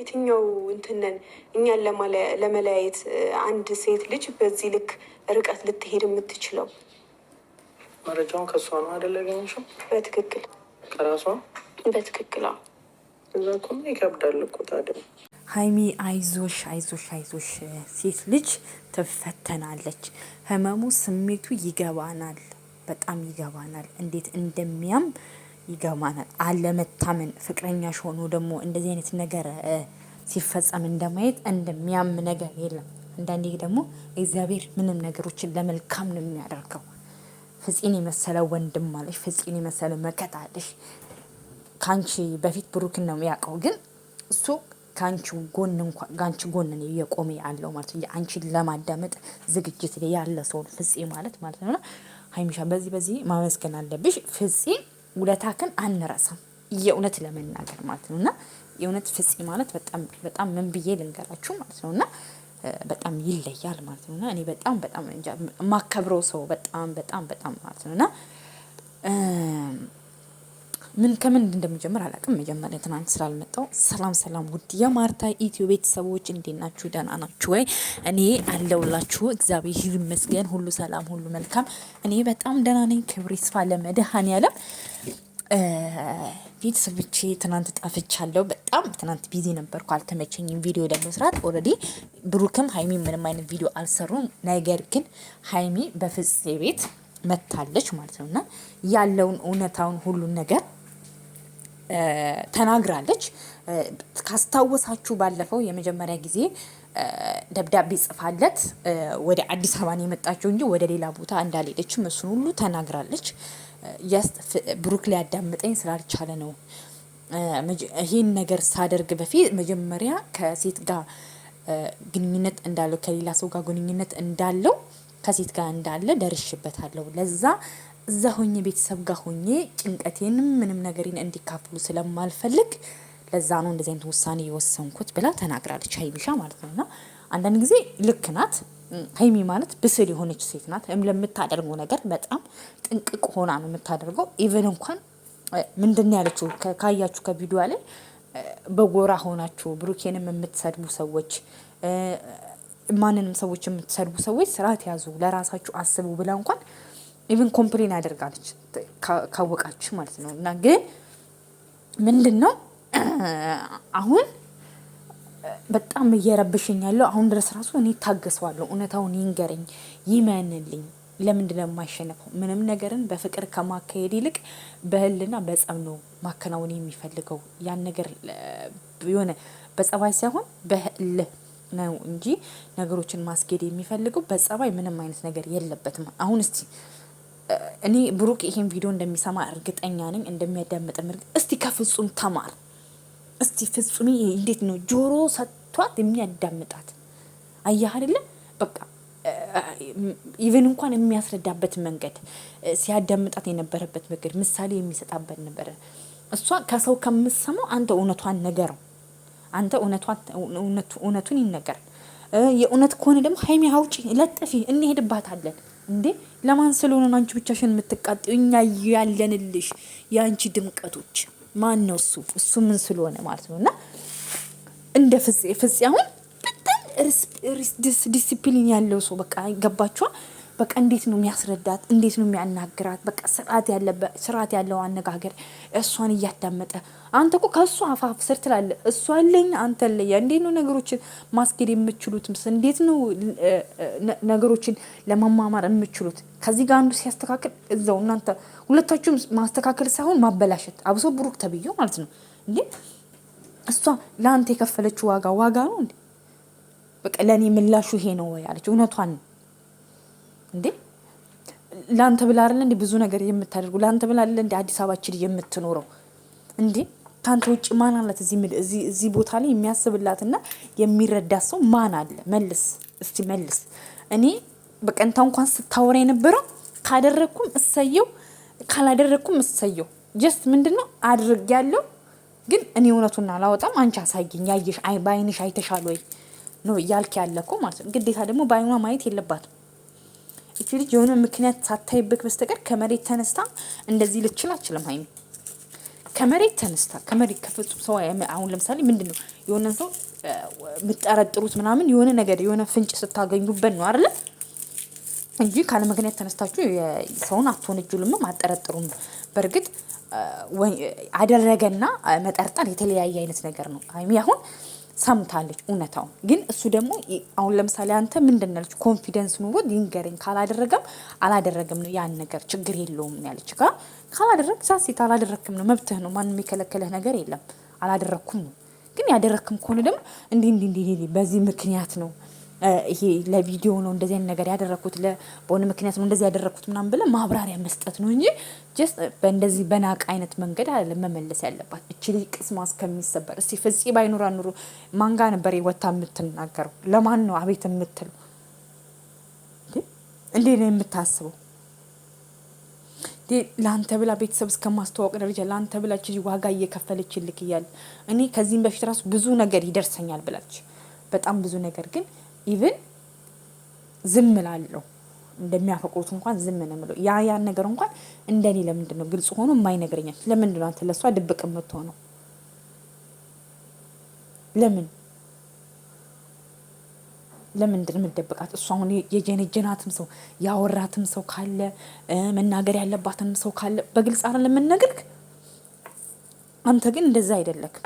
የትኛው እንትነን እኛን ለመለያየት አንድ ሴት ልጅ በዚህ ልክ ርቀት ልትሄድ የምትችለው? መረጃውን ከእሷ ነው አይደል ያገኘሽው? በትክክል ከራሷ በትክክል። እዛ እኮ ይከብዳል እኮ ታዲያ። ሀይሚ አይዞሽ፣ አይዞሽ፣ አይዞሽ። ሴት ልጅ ትፈተናለች። ህመሙ፣ ስሜቱ ይገባናል፣ በጣም ይገባናል እንዴት እንደሚያም ይገርማናል። አለመታመን ፍቅረኛሽ ሆኖ ደግሞ እንደዚህ አይነት ነገር ሲፈጸም እንደማየት እንደሚያም ነገር የለም። አንዳንዴ ደግሞ እግዚአብሔር ምንም ነገሮችን ለመልካም ነው የሚያደርገው። ፍጺን የመሰለ ወንድም አለሽ፣ ፍጺን የመሰለ መከታ ከአንቺ በፊት ብሩክን ነው የሚያውቀው፣ ግን እሱ ከአንቺ ጎን እንኳን ከአንቺ ጎን ነው እየቆመ ያለው ማለት ነው። አንቺን ለማዳመጥ ዝግጅት ያለ ሰውን ፍጺ ማለት ማለት ነው። ሀይሚሻ በዚህ በዚህ ማመስገን አለብሽ ፍጺ ውለታክን አንረሳም። የእውነት ለመናገር ማለት ነው እና የእውነት ፍፄ ማለት በጣም በጣም ምን ብዬ ልንገራችሁ ማለት ነው እና በጣም ይለያል ማለት ነው እና እኔ በጣም በጣም ማከብረው ሰው በጣም በጣም በጣም ማለት ነው እና ምን ከምን እንደሚጀምር አላውቅም። መጀመሪያ ትናንት ስላልመጣው ሰላም ሰላም፣ ውድ የማርታ ኢትዮ ቤተሰቦች እንዴት ናችሁ? ደህና ናችሁ ወይ? እኔ አለውላችሁ እግዚአብሔር ይመስገን፣ ሁሉ ሰላም፣ ሁሉ መልካም። እኔ በጣም ደህና ነኝ። ክብር ይስፋ ለመድኃኔዓለም። ቤተሰቦቼ ትናንት ጠፍቻለሁ። በጣም ትናንት ቢዚ ነበርኩ፣ አልተመቸኝም ቪዲዮ ለመስራት። ኦልሬዲ ብሩክም ሀይሚ ምንም አይነት ቪዲዮ አልሰሩም። ነገር ግን ሀይሚ በፍፄ ቤት መታለች ማለት ነው እና ያለውን እውነታውን ሁሉን ነገር ተናግራለች። ካስታወሳችሁ ባለፈው የመጀመሪያ ጊዜ ደብዳቤ ጽፋለት ወደ አዲስ አበባ ነው የመጣችው እንጂ ወደ ሌላ ቦታ እንዳልሄደችም እሱን ሁሉ ተናግራለች። ያስ ብሩክ ሊያዳምጠኝ ስላልቻለ ነው ይህን ነገር ሳደርግ በፊት መጀመሪያ ከሴት ጋር ግንኙነት እንዳለው ከሌላ ሰው ጋር ግንኙነት እንዳለው ከሴት ጋር እንዳለ ደርሽበታለሁ ለዛ እዛ ሆኜ ቤተሰብ ጋር ሆኜ ጭንቀቴንም ምንም ነገሬን እንዲካፍሉ ስለማልፈልግ ለዛ ነው እንደዚህ አይነት ውሳኔ የወሰንኩት ብላ ተናግራለች። ሀይሚሻ ማለት ነው እና አንዳንድ ጊዜ ልክ ናት። ሀይሚ ማለት ብስል የሆነች ሴት ናት። ለምታደርገው ነገር በጣም ጥንቅቅ ሆና ነው የምታደርገው። ኢቨን እንኳን ምንድን ያለችው ካያችሁ ከቪዲዮ ላይ በጎራ ሆናችሁ ብሩኬንም የምትሰድቡ ሰዎች ማንንም ሰዎች የምትሰድቡ ሰዎች ስርዓት ያዙ፣ ለራሳችሁ አስቡ ብላ እንኳን ኢቭን ኮምፕሌን ያደርጋለች ካወቃችሁ ማለት ነው። እና ግን ምንድን ነው አሁን በጣም እየረብሽኝ ያለው አሁን ድረስ ራሱ እኔ ታገሰዋለሁ። እውነታውን ይንገረኝ፣ ይመንልኝ። ለምንድን ነው የማይሸነፈው? ምንም ነገርን በፍቅር ከማካሄድ ይልቅ በህልና በጸብ ነው ማከናወን የሚፈልገው። ያን ነገር የሆነ በጸባይ ሳይሆን በህልህ ነው እንጂ ነገሮችን ማስኬድ የሚፈልገው በጸባይ ምንም አይነት ነገር የለበትም። አሁን እስቲ እኔ ብሩክ ይሄን ቪዲዮ እንደሚሰማ እርግጠኛ ነኝ፣ እንደሚያዳምጥም እርግ እስቲ ከፍጹም ተማር እስቲ ፍጹም እንዴት ነው ጆሮ ሰጥቷት የሚያዳምጣት አያህ አይደለ? በቃ ኢቨን እንኳን የሚያስረዳበት መንገድ ሲያዳምጣት የነበረበት መንገድ ምሳሌ የሚሰጣበት ነበረ። እሷ ከሰው ከምሰማው አንተ እውነቷን ነገረው፣ አንተ እውነቱን ይነገር። የእውነት ከሆነ ደግሞ ሀይሚ አውጪ ለጥፊ፣ እንሄድባታለን እንዴ ለማን ስለሆነ አንቺ ብቻሽን የምትቃጠው? እኛ ያለንልሽ የአንቺ ድምቀቶች ማን ነው እሱ? እሱ ምን ስለሆነ ማለት ነው። እና እንደ ፍፄ ፍፄ አሁን በጣም ዲስፕሊን ያለው ሰው በቃ ገባችኋ? በቃ እንዴት ነው የሚያስረዳት? እንዴት ነው የሚያናግራት? በቃ ስርዓት ያለው አነጋገር እሷን እያዳመጠ አንተ እኮ ከእሱ አፋፍ ስር ትላለ እሱ አለኝ አንተ ለየ እንዴት ነው ነገሮችን ማስኬድ የምችሉት? ምስ እንዴት ነው ነገሮችን ለመማማር የምችሉት? ከዚህ ጋር አንዱ ሲያስተካክል እዛው እናንተ ሁለታችሁም ማስተካከል ሳይሆን ማበላሸት፣ አብሶ ብሩክ ተብዬው ማለት ነው እንዴ እሷ ለአንተ የከፈለችው ዋጋ ዋጋ ነው እንዴ? በቃ ለእኔ ምላሹ ይሄ ነው ወይ አለች። እውነቷን ነው እንዴ ለአንተ ብላ አይደለ እንዴ ብዙ ነገር የምታደርጉ ለአንተ ብላ አይደለ እንዴ አዲስ አበባችን የምትኖረው እንዴ ከአንተ ውጭ ማን አላት? እዚህ እዚህ ቦታ ላይ የሚያስብላትና የሚረዳት ሰው ማን አለ? መልስ እስቲ መልስ። እኔ በቀንታ እንኳን ስታወራ የነበረው ካደረግኩም እሰየው፣ ካላደረግኩም እሰየው። ጀስት ምንድን ነው አድርግ ያለው ግን እኔ እውነቱን አላወጣም። አንቺ አሳየኝ፣ ያየሽ በአይንሽ አይተሻል ወይ ነው እያልክ ያለኩ ማለት ነው። ግዴታ ደግሞ በአይኗ ማየት የለባትም። እቺ ልጅ የሆነ ምክንያት ሳታይበት በስተቀር ከመሬት ተነስታ እንደዚህ ልችል አችልም። ሀይሚ ከመሬት ተነስታ ከመሬት ከፍጹም ሰው አሁን ለምሳሌ ምንድን ነው የሆነ ሰው የምጠረጥሩት ምናምን የሆነ ነገር የሆነ ፍንጭ ስታገኙበት ነው አይደለ እንጂ ካለ ምክንያት ተነስታችሁ ሰውን አትወነጅሉም፣ አጠረጥሩም። በእርግጥ አደረገና መጠርጠር የተለያየ አይነት ነገር ነው። ሀይሚ አሁን ሰምታለች እውነታውን። ግን እሱ ደግሞ አሁን ለምሳሌ አንተ ምንድን ነው ኮንፊደንስ ኑሮ ይንገረኝ ካላደረገም አላደረገም ነው ያን ነገር ችግር የለውም ያለች ጋ ካላደረግ ሳሴት አላደረክም ነው መብትህ ነው። ማንም የከለከለህ ነገር የለም። አላደረግኩም ነው። ግን ያደረክም ከሆነ ደግሞ እንዲህ እንዲህ እንዲህ በዚህ ምክንያት ነው ይሄ ለቪዲዮ ነው እንደዚህ አይነት ነገር ያደረግኩት በሆነ ምክንያት ነው እንደዚህ ያደረግኩት ምናምን ብለ ማብራሪያ መስጠት ነው እንጂ ጀስት በእንደዚህ በናቅ አይነት መንገድ መመለስ ያለባት እቺ ልጅ ቅስሟ እስከሚሰበር። እስቲ ፍጺ ባይኖራ ኑሮ ማንጋ ነበር ወታ የምትናገረው? ለማን ነው አቤት የምትለው? እንዴ ነው የምታስበው? ለአንተ ብላ ቤተሰብ እስከማስተዋወቅ ደረጃ ለአንተ ብላ ችል ዋጋ እየከፈለች ይልክ እያለ እኔ ከዚህም በፊት ራሱ ብዙ ነገር ይደርሰኛል ብላች በጣም ብዙ ነገር ግን ኢቭን ዝም እላለሁ። እንደሚያፈቅሩት እንኳን ዝም ነው የምለው። ያ ያን ነገር እንኳን እንደኔ ለምንድን ነው ግልጽ ሆኖ የማይነግረኛል? ለምንድን ነው አንተ ለእሷ ድብቅ የምትሆነው? ለምን ለምንድን የምትደብቃት? እሱ አሁን የጀነጀናትም ሰው ያወራትም ሰው ካለ መናገር ያለባትንም ሰው ካለ በግልጽ አረ ለምንነግርክ። አንተ ግን እንደዛ አይደለክ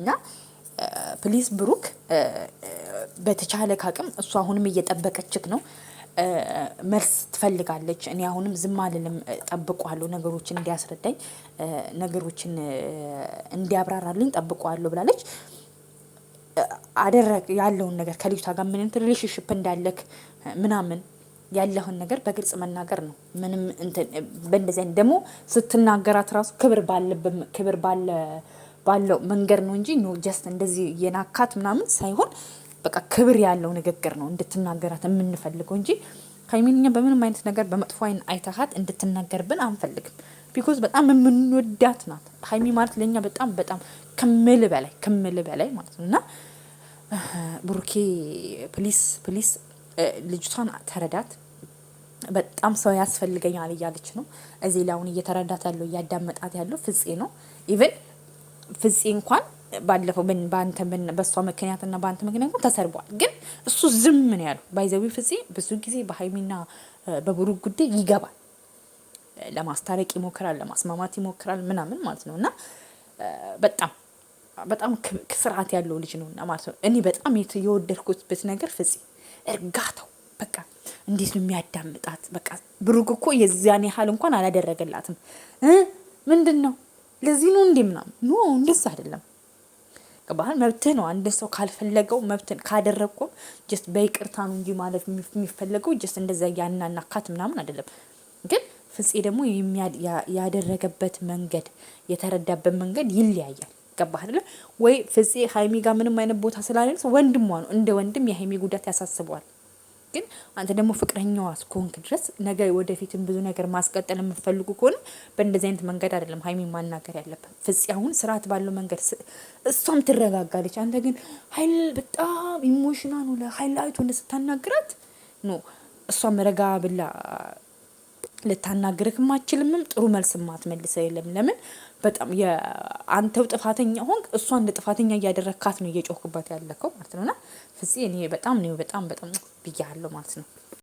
እና ፕሊስ ብሩክ በተቻለ ካቅም እሱ አሁንም እየጠበቀችክ ነው። መልስ ትፈልጋለች። እኔ አሁንም ዝም አልልም፣ ጠብቋለሁ፣ ነገሮችን እንዲያስረዳኝ፣ ነገሮችን እንዲያብራራልኝ ጠብቋለሁ ብላለች። አደረግ ያለውን ነገር ከልጅቷ ጋር ምን ሪሌሽንሽፕ እንዳለክ ምናምን ያለህን ነገር በግልጽ መናገር ነው። ምንም በእንደዚህ ደግሞ ስትናገራት ራሱ ክብር ባለብም ክብር ባለ ባለው መንገድ ነው እንጂ ኖ ጀስት እንደዚህ የናካት ምናምን ሳይሆን በቃ ክብር ያለው ንግግር ነው እንድትናገራት የምንፈልገው እንጂ ሀይሚንኛ በምንም አይነት ነገር በመጥፎ አይን አይተሃት እንድትናገርብን አንፈልግም። ቢኮዝ በጣም የምንወዳት ናት። ሀይሚ ማለት ለእኛ በጣም በጣም ክምል በላይ ክምል በላይ ማለት ነው እና ብሩኬ ፕሊስ ፕሊስ ልጅቷን ተረዳት። በጣም ሰው ያስፈልገኛል እያለች ነው። እዚህ ላይ አሁን እየተረዳት ያለው እያዳመጣት ያለው ፍጼ ነው ኢቨን ፍፄ እንኳን ባለፈው ምን በአንተ ምን በእሷ ምክንያትና በአንተ ምክንያት ግን ተሰርቧል። ግን እሱ ዝም ምን ያሉ ባይዘዊ ፍፄ ብዙ ጊዜ በሀይሚና በብሩ ጉዳይ ይገባል፣ ለማስታረቅ ይሞክራል፣ ለማስማማት ይሞክራል ምናምን ማለት ነው እና በጣም በጣም ስርዓት ያለው ልጅ ነው ማለት ነው። እኔ በጣም የወደድኩበት ነገር ፍፄ እርጋታው በቃ እንዴት ነው የሚያዳምጣት። በቃ ብሩክ እኮ የዚያን ያህል እንኳን አላደረገላትም። ምንድን ነው ለዚህ ነው እንዴ ምናምን ኖ እንደዛ አይደለም። ባህል መብትህ ነው። አንድ ሰው ካልፈለገው መብትን ካደረግኩም ጀስት በይቅርታ ነው እንጂ ማለት የሚፈለገው ጀስት እንደዛ ያናና ካት ምናምን አይደለም። ግን ፍፄ ደግሞ ያደረገበት መንገድ የተረዳበት መንገድ ይለያያል። ገባህ አይደለም ወይ? ፍፄ ሀይሚ ጋር ምንም አይነት ቦታ ስላለ ወንድሟ ነው። እንደ ወንድም የሀይሚ ጉዳት ያሳስበዋል። ግን አንተ ደግሞ ፍቅረኛዋ እስከሆንክ ድረስ ነገ ወደፊትም ብዙ ነገር ማስቀጠል የምፈልጉ ከሆነ በእንደዚህ አይነት መንገድ አይደለም ሀይሚ ማናገር ያለብን። ፍጽ አሁን ስርዓት ባለው መንገድ እሷም ትረጋጋለች። አንተ ግን ሀይል በጣም ኢሞሽናል ሆነ ሀይል አይቶ እንደ ስታናግራት ኖ እሷም ረጋ ብላ ልታናግርህ ማችልምም ጥሩ መልስ ማትመልሰው የለም ለምን በጣም የአንተው ጥፋተኛ ሆንክ፣ እሷ እንደ ጥፋተኛ እያደረግካት ነው እየጮህክባት ያለከው ማለት ነው። ነውና፣ ፍጽ እኔ በጣም ነው በጣም በጣም ብያለሁ ማለት ነው።